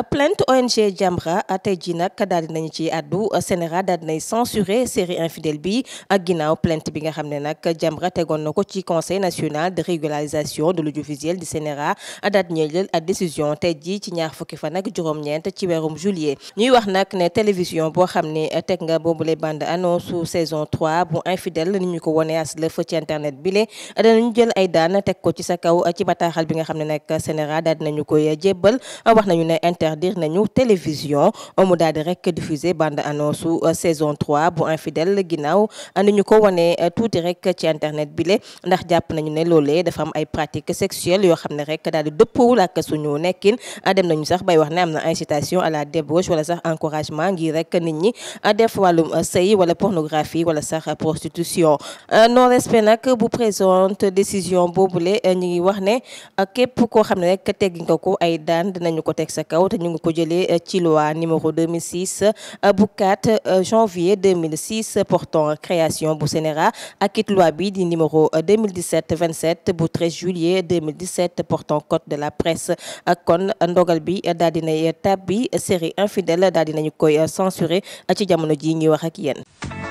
plainte ONG Jamra tey jii nag daal di nañu ci àddu Sénégal daal di nay censuré série infidèle bi ak ginnaaw plainte bi nga xam ne nag Jamra tegoon na ko ci conseil national de régularisation de l'audiovisuel du Sénégal daal di ñuy jël ak décision tey jii ci ñaar fukki fan ak juróom-ñeent ci weerum juillet ñuy wax nag ne télévision boo xam ne teg nga boobule bande annonce saison 3 bu infidèle ni ñu ko wone as lëf ci internet jël ay daan teg ko ci sa kaw ci bataaxal bi nga xam ne nag Sénégal daal nañu koy jébbal interdire nañu télévision mu daal di rek diffuser bande annonce euh, saison 3 bu infidèle ginnaaw ni ñu ko wone euh, tuuti rek ci internet bi le ndax jàpp nañu ne loolee dafa am ay pratiques sexuelles yoo xam ne rek daal di dëppawul ak suñu nekkin dem nañu sax bay wax ne am na incitation à la débauche wala sax encouragement ngir rek nit ñi def wàllum sëy wala pornographie wala sax prostitution euh, non respect nag bu présente décision boobule ñu ngi wax ne képp koo xam ne rek teggi nga ko ay daan dinañu ko teg sa kaw te ñu ngi ko jëlee eh, ci loi numéro 2006 eh, bu 4 eh, janvier 2006 portant création bu CNRA ak it loi bi di numéro 2017 27 bu 13 juillet 2017 portant code de la presse kon ndogal bi daal dinay tab bi série infidèle daal dinañu koy censuré ci jamono ji ngi wax ak yéen